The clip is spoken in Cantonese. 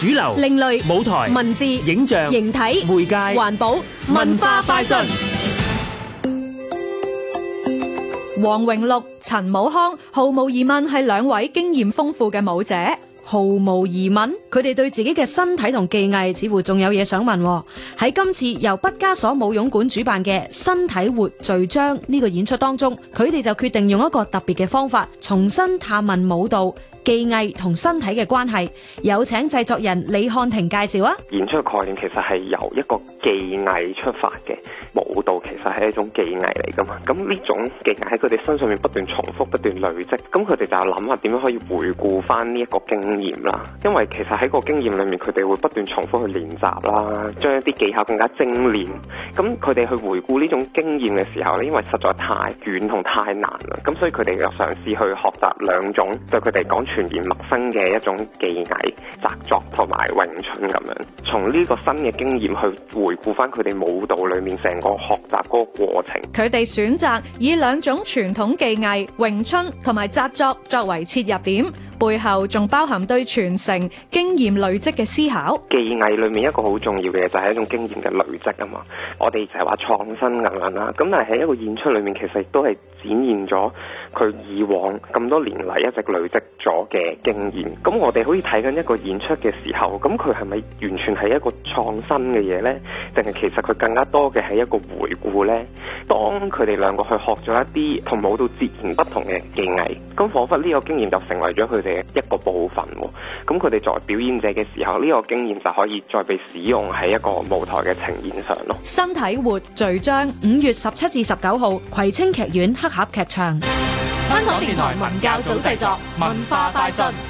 主流、另類舞台、文字、影像、形體、媒介、環保、文化快訊。王榮祿、陳武康，毫無疑問係兩位經驗豐富嘅舞者，毫無疑問，佢哋對自己嘅身體同技藝，似乎仲有嘢想問。喺今次由不加鎖舞踊館主辦嘅《身體活序章》呢個演出當中，佢哋就決定用一個特別嘅方法，重新探問舞蹈。技藝同身體嘅關係，有請製作人李漢廷介紹啊！演出嘅概念其實係由一個技藝出發嘅舞蹈，其實係一種技藝嚟噶嘛。咁呢種技藝喺佢哋身上面不斷重複、不斷累積，咁佢哋就諗下點樣可以回顧翻呢一個經驗啦。因為其實喺個經驗裏面，佢哋會不斷重複去練習啦，將一啲技巧更加精練。咁佢哋去回顧呢種經驗嘅時候咧，因為實在太遠同太難啦，咁所以佢哋又嘗試去學習兩種，對佢哋講。全然陌生嘅一種技藝、紮作同埋詠春咁樣，從呢個新嘅經驗去回顧返佢哋舞蹈裡面成個學習個過程。佢哋選擇以兩種傳統技藝詠春同埋紮作作為切入點。背後仲包含對傳承經驗累積嘅思考，技藝裏面一個好重要嘅嘢就係一種經驗嘅累積啊嘛。我哋就係話創新硬硬啦，咁但係喺一個演出裏面，其實亦都係展現咗佢以往咁多年嚟一直累積咗嘅經驗。咁我哋可以睇緊一個演出嘅時候，咁佢係咪完全係一個創新嘅嘢呢？定係其實佢更加多嘅係一個回顧呢？當佢哋兩個去學咗一啲同舞蹈截然不同嘅技藝，咁彷佛呢個經驗就成為咗佢哋嘅一個部分喎。咁佢哋作為表演者嘅時候，呢個經驗就可以再被使用喺一個舞台嘅呈現上咯。身體活序章，五月十七至十九號，葵青劇院黑盒劇場。香港電台文教組製作，文化快訊。